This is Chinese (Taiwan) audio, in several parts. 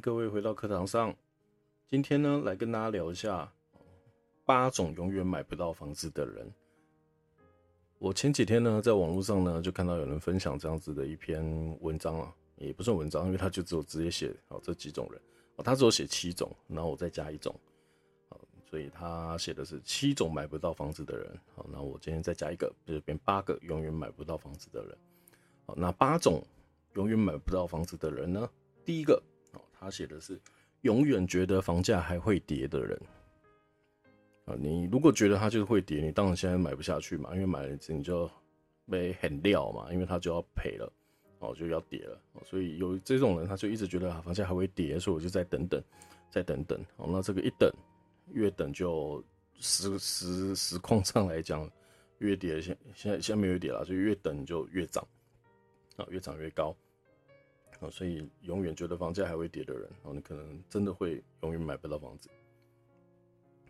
各位回到課堂上，今天呢，來跟大家聊一下八種永遠買不到房子的人。我前幾天呢，在網絡上呢，就看到有人分享這樣子的一篇文章啊，也不算文章，因為他就只有直接寫哦，這幾種人，哦，他只有寫七種，然後我再加一種，哦，所以他寫的是七種買不到房子的人，好，哦，那我今天再加一個，就變八個永遠買不到房子的人，好，哦，那八種永遠買不到房子的人呢？第一個。他寫的是永遠覺得房價還會跌的人啊，你如果覺得他就是會跌，你當然現在買不下去嘛，因為買了之後你就被很料嘛，因為他就要賠了哦，就要跌了，哦，所以有這種人，他就一直覺得房價還會跌，所以我就再等等，再等等。哦，那這個一等越等就實實實況上來講越跌，現現在現在沒有跌了，所以越等就越漲啊，哦，越漲越高。啊，所以永遠覺得房價還會跌的人，然後你可能真的會永遠買不到房子。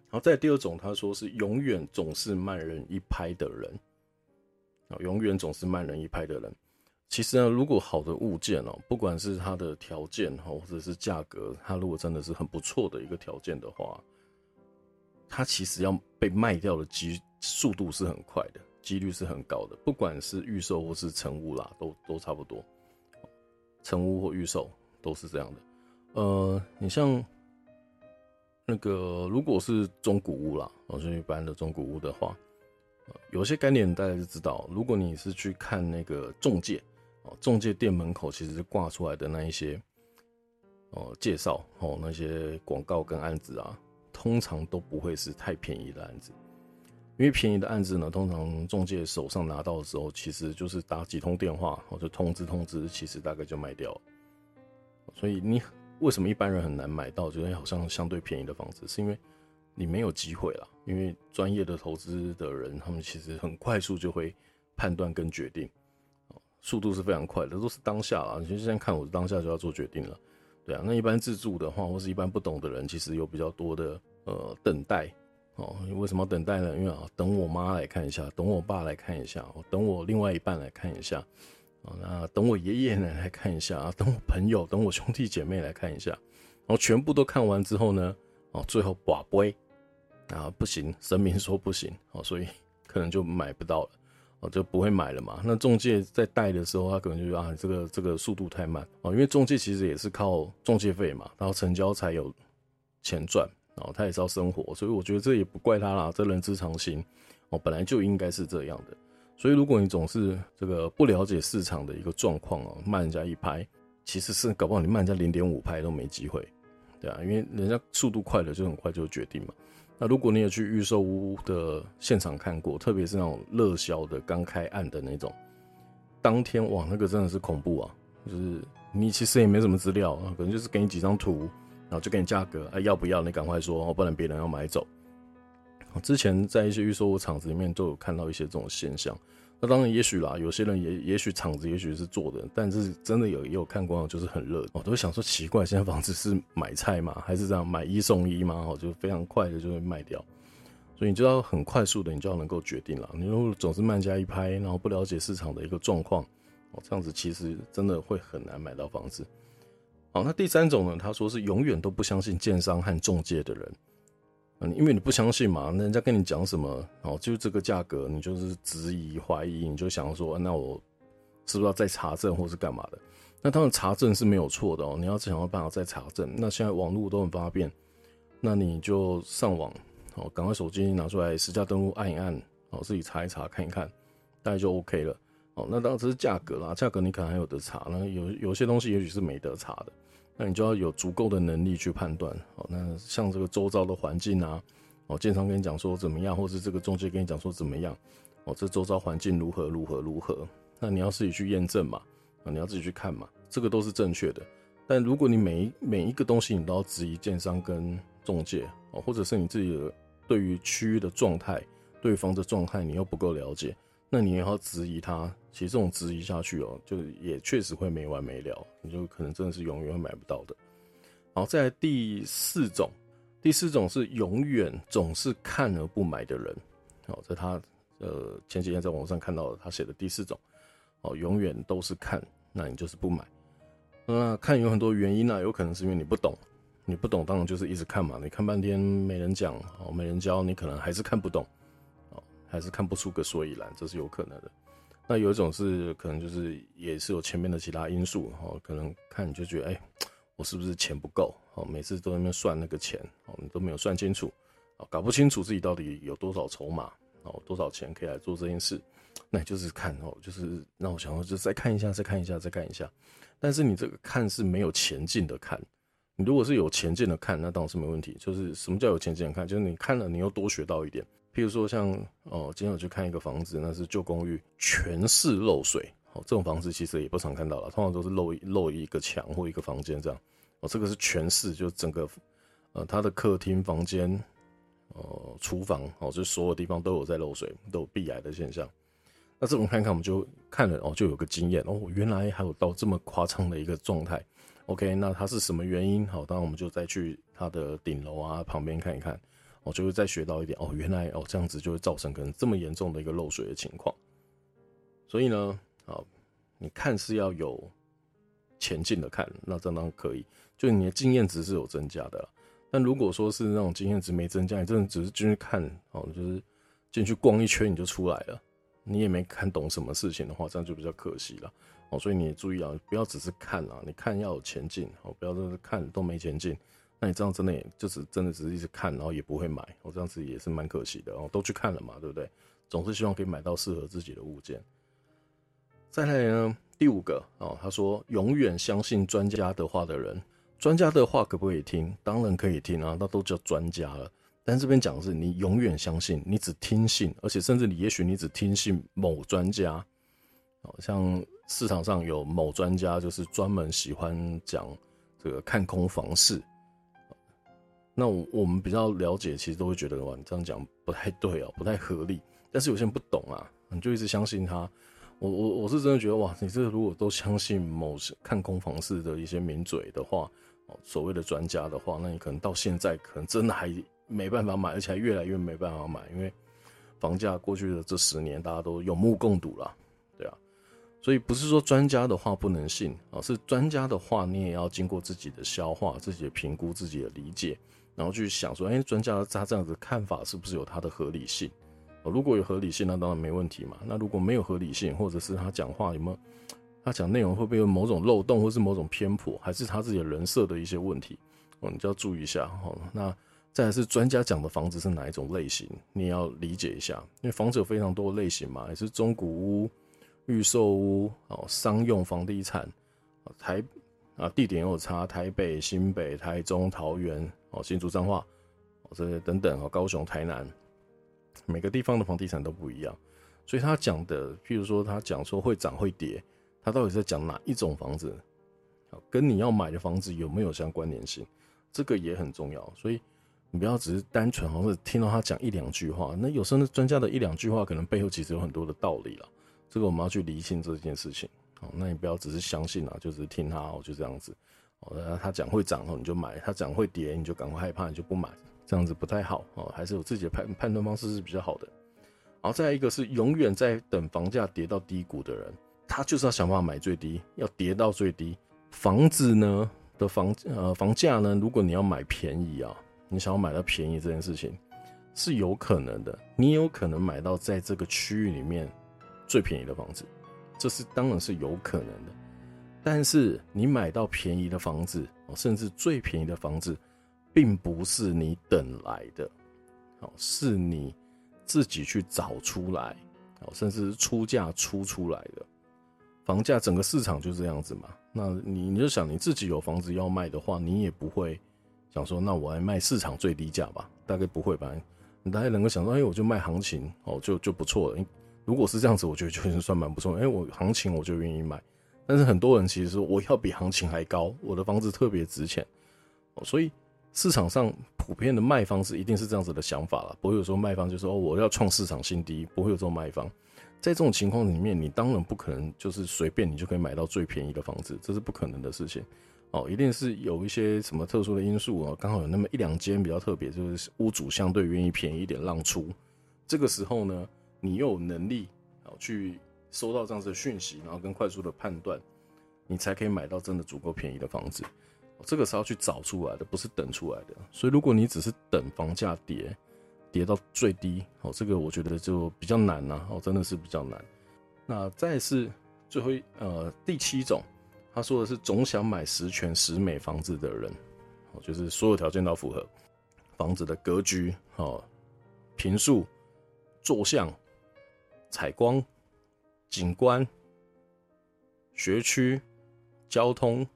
好，在第二種，他說是永遠總是慢人一拍的人啊，永遠總是慢人一拍的人。其實呢，如果好的物件哦，不管是它的條件哈，或者是價格，它如果真的是很不錯的一個條件的話，它其實要被賣掉的機速度是很快的，幾率是很高的，不管是預售或是成屋啦，都都差不多。成屋或預售都是這樣的，呃，你像那個如果是中古屋啦，哦，就一般的中古屋的話，有些概念大家就知道，如果你是去看那個仲介，哦，仲介店門口其實掛出來的那一些，呃，介紹哦那些廣告跟案子啊，通常都不會是太便宜的案子。因為便宜的案子呢，通常仲介手上拿到的時候，其實就是打幾通電話，或者通知通知，其實大概就賣掉了。所以你為什麼一般人很難買到？就覺得好像相對便宜的房子，是因為你沒有機會了。因為專業的投資的人，他們其實很快速就會判斷跟決定，速度是非常快的，都是當下啊。你現在看我當下就要做決定了，對啊。那一般自住的話，或是一般不懂的人，其實有比較多的呃等待。哦，你為什麼要等待呢？因為啊，等我媽來看一下，等我爸來看一下，等我另外一半來看一下，啊、哦，那等我爺爺奶奶看一下，啊，等我朋友，等我兄弟姐妹來看一下，然後全部都看完之後呢，哦，最後跋杯。啊，不行，神明說不行，啊、哦，所以可能就買不到了，啊、哦，就不會買了嘛。那仲介在帶的時候，他可能就覺得啊，這個這個速度太慢，啊、哦，因為仲介其實也是靠仲介費嘛，然後成交才有錢賺。哦，他也是要生活，所以我覺得這也不怪他啦，這人之常情哦，本來就應該是這樣的。所以如果你總是這個不了解市場的一個狀況哦，慢人家一拍，其實是搞不好你慢人家零點五拍都沒機會，對啊，因為人家速度快了就很快就決定嘛。那如果你有去預售屋的現場看過，特別是那種熱銷的剛開案的那種，當天哇，那個真的是恐怖啊，就是你其實也沒什麼資料啊，可能就是給你幾張圖。然後就給你價格，啊，要不要？你趕快說，不然別人要買走。之前在一些預售屋廠子裡面都有看到一些這種現象。那當然，也許啦，有些人也也許廠子也許是做的，但是真的也有也有看光就是很熱。我都會想說奇怪，現在房子是買菜嗎？還是這樣買一送一嗎？就非常快的就會賣掉。所以你就要很快速的，你就要能夠決定了。你如果總是慢人家一拍，然後不了解市場的一個狀況，哦，這樣子其實真的會很難買到房子。那第三種呢？他說是永遠都不相信建商和仲介的人，嗯，因為你不相信嘛，那人家跟你講什麼？哦，就這個價格，你就是質疑懷疑，你就想說，那我是不是要再查證，或是幹嘛的？那當然查證是沒有錯的哦。你要想要辦法再查證，那現在網絡都很方便，那你就上網哦，趕快手機拿出來實價登錄按一按，哦，自己查一查，看一看，大概就 OK 了。哦，那當然這是價格啦，價格你可能還有得查，那有有些東西也許是沒得查的。那你就要有足夠的能力去判斷，那像這個周遭的環境啊，哦，建商跟你講說怎麼樣，或是這個中介跟你講說怎麼樣，哦，這周遭環境如何如何如何，那你要自己去驗證嘛，啊，你要自己去看嘛，這個都是正確的。但如果你每一每一個東西你都要質疑建商跟中介，哦，或者是你自己的對於區域的狀態、對方的狀態，你又不夠了解。那你也要質疑他，其實這種質疑下去哦、喔，就也確實會沒完沒了，你就可能真的是永遠會買不到的。好，再來第四種，第四種是永遠總是看而不買的人。好，在他呃前幾天在網上看到的他寫的第四種，哦，永遠都是看，那你就是不買。那看有很多原因呢，有可能是因為你不懂，你不懂當然就是一直看嘛，你看半天沒人講哦，沒人教，你可能還是看不懂。還是看不出個所以然，這是有可能的。那有一種是可能，就是也是有前面的其他因素哈，可能看你就覺得，哎、欸，我是不是錢不夠啊？每次都在那邊算那個錢，你都沒有算清楚，搞不清楚自己到底有多少籌碼啊，多少錢可以來做這件事？那就是看哦，就是讓我想說，就再看一下，再看一下，再看一下。但是你這個看是沒有前進的看，你如果是有前進的看，那當然是沒問題。就是什麼叫有前進的看？就是你看了，你又多學到一點。比如說像哦、呃，今天我去看一個房子，那是舊公寓，全是漏水。好、哦，這種房子其實也不常看到了，通常都是漏一漏一個牆或一個房間這樣。哦，這個是全市，就整個呃，它的客廳、房間、呃、廚房，哦，就所有地方都有在漏水，都有壁癌的現象。那這種看一看，我們就看了哦，就有個經驗。哦，原來還有到這麼誇張的一個狀態。OK，那它是什麼原因？好，當然我們就再去它的頂樓啊旁邊看一看。我就會再學到一點哦，原來哦，這樣子就會造成可能這麼嚴重的一個漏水的情況，所以呢，好，你看是要有前進的看，那當然可以，就你的經驗值是有增加的。但如果說是那種經驗值沒增加，你真的只是進去看哦，就是進去逛一圈你就出來了，你也沒看懂什麼事情的話，這樣就比較可惜了哦。所以你也注意啊，不要只是看啊，你看要有前進哦，不要說是看都沒前進。那你這樣真的也就是真的只是一直看，然後也不會買，我這樣子也是蠻可惜的哦。然後都去看了嘛，對不對？總是希望可以買到適合自己的物件。再來呢，第五個哦，他說永遠相信專家的話的人，專家的話可不可以聽？當然可以聽啊，那都叫專家了。但這邊講的是你永遠相信，你只聽信，而且甚至你也許你只聽信某專家哦，像市場上有某專家就是專門喜歡講這個看空房市。那我我們比較了解，其實都會覺得哇，你這樣講不太對哦、喔，不太合理。但是有些人不懂啊，你就一直相信他。我我我是真的覺得哇，你這如果都相信某些看空房市的一些名嘴的話，哦，所謂的專家的話，那你可能到現在可能真的還沒辦法買，而且還越來越沒辦法買，因為房價過去的這十年大家都有目共睹了，對啊。所以不是說專家的話不能信啊，是專家的話你也要經過自己的消化、自己的評估、自己的理解。然後去想說，哎、欸，專家他這樣子的看法是不是有他的合理性？如果有合理性，那當然沒問題嘛。那如果沒有合理性，或者是他講話有沒有，他講內容會不會有某種漏洞，或是某種偏頗，還是他自己人設的一些問題？哦，你就要注意一下。那再來是專家講的房子是哪一種類型，你要理解一下，因為房子有非常多的類型嘛，也是中古屋、預售屋、商用房地產、台。啊，地點有差，台北、新北、台中、桃園，哦，新竹彰化，哦，這些等等，哦，高雄、台南，每個地方的房地產都不一樣，所以他講的，譬如說他講說會漲會跌，他到底在講哪一種房子？跟你要買的房子有沒有相關聯性？這個也很重要，所以你不要只是單純哦，聽到他講一兩句話，那有時候那專家的一兩句話，可能背後其實有很多的道理啦，這個我們要去理清這件事情。哦，那你不要只是相信啊，就是聽他哦，就是這樣子。哦，他講會漲哦，你就買；他講會跌，你就趕快害怕，你就不買。這樣子不太好哦，還是有自己的判判斷方式是比較好的。然後再一個是永遠在等房價跌到低谷的人，他就是要想辦法買最低，要跌到最低。房子呢的房呃房價呢，如果你要買便宜啊哦，你想要買到便宜這件事情是有可能的，你有可能買到在這個區域裡面最便宜的房子。這是當然是有可能的，但是你買到便宜的房子，甚至最便宜的房子，並不是你等來的，是你自己去找出來，甚至是出價出出來的。房價整個市場就這樣子嘛，那你你就想你自己有房子要賣的話，你也不會想說，那我來賣市場最低價吧，大概不會吧？你大概能夠想說，哎，我就賣行情哦，就就不錯了。如果是這樣子，我覺得就已經算蠻不錯。因為，我行情我就願意買，但是很多人其實說我要比行情還高，我的房子特別值錢，所以市場上普遍的賣方是一定是這樣子的想法了。不會有說賣方就是說我要創市場新低，不會有這種賣方。在這種情況裡面，你當然不可能就是隨便你就可以買到最便宜的房子，這是不可能的事情。哦，一定是有一些什麼特殊的因素啊，剛好有那麼一兩間比較特別，就是屋主相對願意便宜一點讓出，這個時候呢，你有能力，去收到這樣子的訊息，然後跟快速的判斷，你才可以買到真的足夠便宜的房子。哦，這個是要去找出來的，不是等出來的。所以，如果你只是等房價跌，跌到最低，哦，這個我覺得就比較難吶。哦，真的是比較難。那再是最後一呃第七種，他說的是總想買十全十美房子的人，哦，就是所有條件都符合，房子的格局，哦，坪數，坐向。採光、景觀、學區、交通、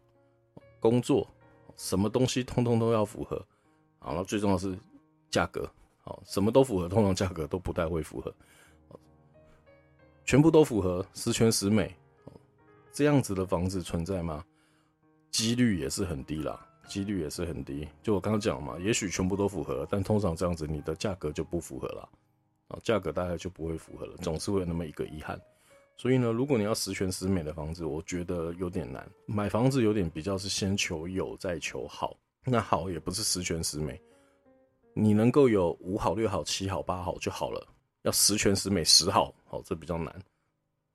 工作，什麼東西通通都要符合。然後最重要的是價格，好，什麼都符合，通常價格都不太會符合。全部都符合，十全十美，這樣子的房子存在嗎？幾率也是很低啦，幾率也是很低。就我剛剛講嘛，也許全部都符合，但通常這樣子，你的價格就不符合了。價格大概就不會符合了，總是會有那麼一個遺憾。所以呢，如果你要十全十美的房子，我覺得有點難。買房子有點比較是先求有，再求好。那好也不是十全十美，你能夠有五好、六好、七好、八好就好了。要十全十美、十好，好這比較難，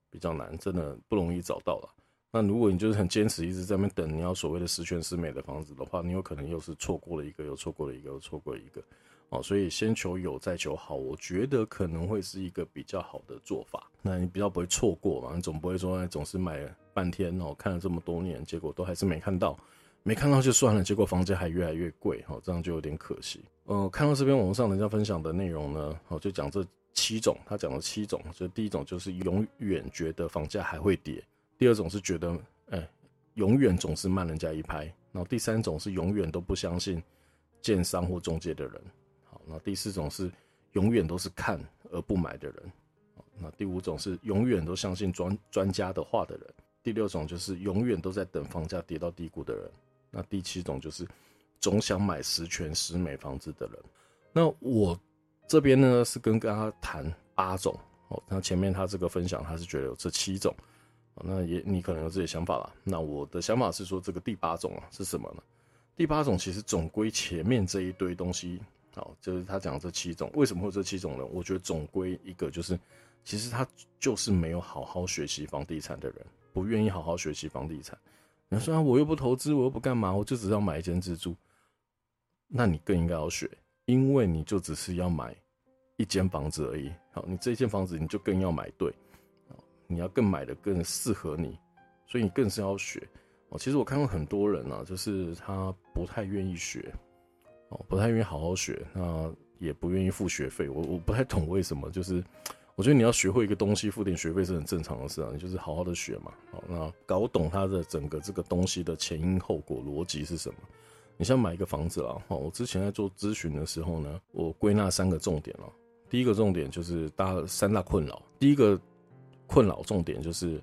比較難，真的不容易找到了。那如果你就是很堅持一直在那邊等，你要所謂的十全十美的房子的話，你有可能又是錯過了一個，又錯過了一個，又錯過了一個。哦，所以先求有再求好，我覺得可能會是一個比較好的做法。那你比較不會錯過嘛？你總不會說總是買了半天哦，看了這麼多年，結果都還是沒看到，沒看到就算了。結果房價還越來越貴，哈，這樣就有點可惜。嗯、呃，看到這邊網路上人家分享的內容呢，哦，就講這七種。他講了七種，以、就是、第一種就是永遠覺得房價還會跌；第二種是覺得，哎、欸，永遠總是慢人家一拍；然後第三種是永遠都不相信建商或中介的人。那第四種是永遠都是看而不買的人，那第五種是永遠都相信專專家的話的人，第六種就是永遠都在等房價跌到低谷的人，那第七種就是總想買十全十美房子的人。那我這邊呢是跟跟他談八種哦，那前面他這個分享他是覺得有這七種，那也你可能有自己想法了。那我的想法是說這個第八種啊是什麼呢？第八種其實總歸前面這一堆東西。好，就是他講這七種，為什麼會有這七種呢？我覺得總歸一個就是，其實他就是沒有好好學習房地產的人，不願意好好學習房地產。你說啊，我又不投資，我又不幹嘛，我就只要買一間自住，那你更應該要學，因為你就只是要買一間房子而已。好，你這一間房子，你就更要買對，你要更買的更適合你，所以你更是要學。哦，其實我看過很多人啊，就是他不太願意學。不太願意好好學，那也不願意付學費。我我不太懂為什麼，就是我覺得你要學會一個東西，付點學費是很正常的事啊。你就是好好的學嘛，好，那搞懂它的整個這個東西的前因後果邏輯是什麼？你像買一個房子啊，哈，我之前在做諮詢的時候呢，我歸納三個重點了、喔。第一個重點就是大三大困擾，第一個困擾重點就是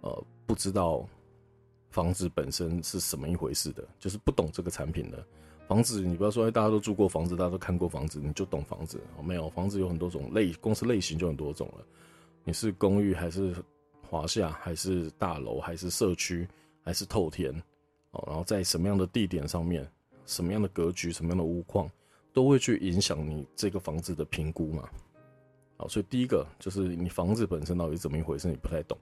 呃，不知道房子本身是什麼一回事的，就是不懂這個產品的。房子，你不要說大家都住過房子，大家都看過房子，你就懂房子啊？沒有，房子有很多種類，公司類型就很多種了。你是公寓還是華廈，還是大樓，還是社區，還是透天？哦，然後在什麼樣的地點上面，什麼樣的格局，什麼樣的屋況，都會去影響你這個房子的評估嘛。啊，所以第一個就是你房子本身到底怎麼一回事，你不太懂。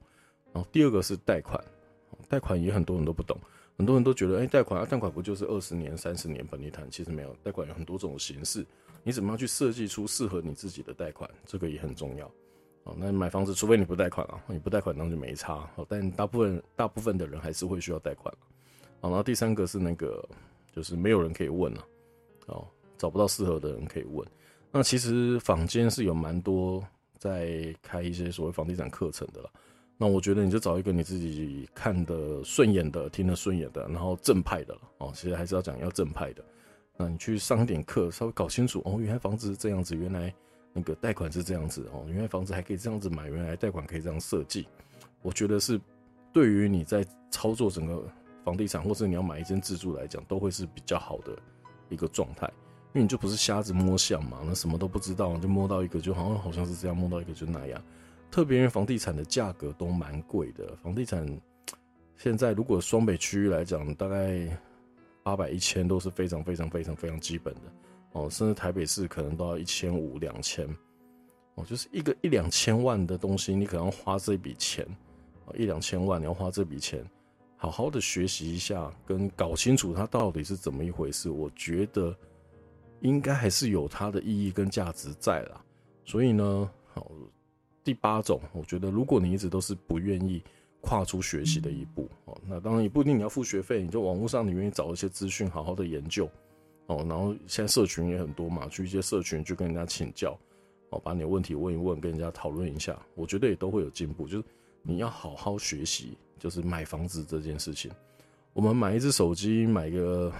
然後第二個是貸款，貸款也很多人都不懂。很多人都覺得，哎、欸，貸款啊，貸款不就是二十年、三十年本利攤？其實沒有，貸款有很多種形式，你怎麼樣去設計出適合你自己的貸款，這個也很重要。哦，那你買房子，除非你不貸款啊，你不貸款那就沒差。哦，但大部分大部分的人還是會需要貸款。哦，然後第三個是那個，就是沒有人可以問了、啊。哦，找不到適合的人可以問。那其實坊間是有蠻多在開一些所謂房地產課程的了。那我覺得你就找一個你自己看的順眼的、聽得順眼的，然後正派的哦。其實還是要講要正派的。那你去上一點課，稍微搞清楚哦。原來房子是這樣子，原來那個貸款是這樣子哦。原來房子還可以這樣子買，原來貸款可以這樣設計。我覺得是對於你在操作整個房地產，或者你要買一間自住來講，都會是比較好的一個狀態，因為你就不是瞎子摸象嘛，那什麼都不知道就摸到一個，就好像好像是這樣摸到一個就那樣啊。特別因為房地產的價格都蠻貴的。房地產現在，如果雙北區域來講，大概八百一千都是非常非常非常非常基本的哦。甚至台北市可能都要一千五兩千哦，就是一個一兩千萬的東西，你可能要花這筆錢，一兩千萬你要花這筆錢，好好的學習一下，跟搞清楚它到底是怎麼一回事。我覺得應該還是有它的意義跟價值在啦。所以呢，好。第八種，我覺得如果你一直都是不願意跨出學習的一步哦，那當然也不一定你要付學費，你就網絡上你願意找一些資訊，好好的研究哦，然後現在社群也很多嘛，去一些社群去跟人家請教哦，把你的問題問一問，跟人家討論一下，我覺得也都會有進步。就是你要好好學習，就是買房子這件事情，我們買一隻手機，買一個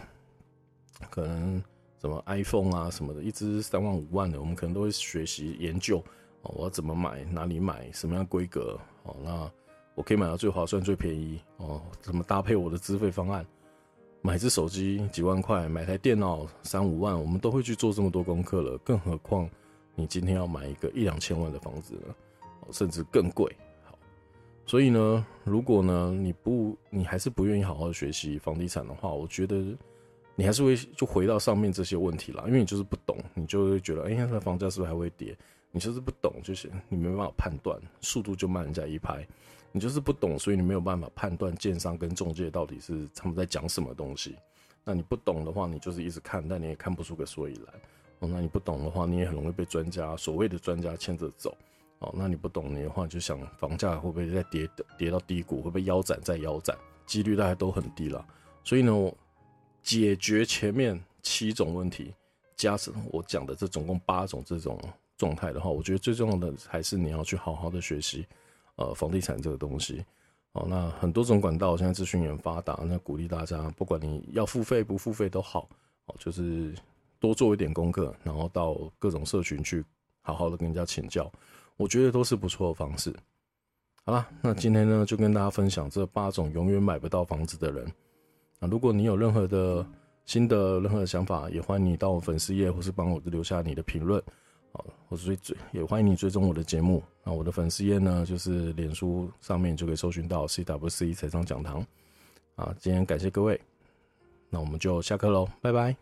可能什麼 iPhone 啊什麼的，一隻三萬五萬的，我們可能都會學習研究。我要怎麼買？哪裡買？什麼樣規格？好，那我可以買到最划算、最便宜？哦，怎麼搭配我的資費方案？買只手機幾萬塊，買台電腦三五萬，我們都會去做這麼多功課了，更何況你今天要買一個一兩千萬的房子，甚至更貴。好，所以呢，如果呢你不，你還是不願意好好學習房地產的話，我覺得你還是會就回到上面這些問題啦，因為你就是不懂，你就會覺得，哎、欸，現在房價是不是還會跌？你就是不懂，就是你沒辦法判斷速度就慢人家一拍。你就是不懂，所以你沒有辦法判斷建商跟仲介到底是他們在講什麼東西。那你不懂的話，你就是一直看，但你也看不出個所以然。哦，那你不懂的話，你也很容易被專家所謂的專家牽着走。哦，那你不懂你的話，就想房價會不會再跌，跌到低谷，會不會腰斬再腰斬，幾率大概都很低了。所以呢，解決前面七種問題，加上我講的這總共八種這種。狀態的話，我覺得最重要的還是你要去好好的學習，呃，房地產這個東西。好，那很多種管道，現在資訊也發達，那鼓勵大家，不管你要付費不付費都好，好，就是多做一點功課，然後到各種社群去好好的跟人家請教，我覺得都是不錯的方式。好了，那今天呢就跟大家分享這八種永遠買不到房子的人。那如果你有任何的新的任何的想法，也歡迎你到我粉絲頁或是幫我留下你的評論。好，我追最也歡迎你追蹤我的節目。那我的粉絲頁呢，就是臉書上面就可以搜尋到 CWC 財商講堂。啊，今天感謝各位，那我們就下課嘍，拜拜。